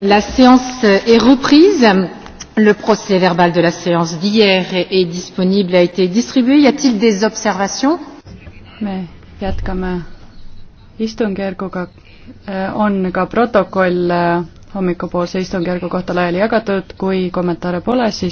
La séance est reprise. Le procès verbal de la séance d'hier est, est disponible, a été distribué. Y a-t-il des observations? me jätkame istungjärguga. Äh, on ka protokoll äh, hommikupoolse istungjärgu kohta laiali jagatud, kui kommentaare pole, siis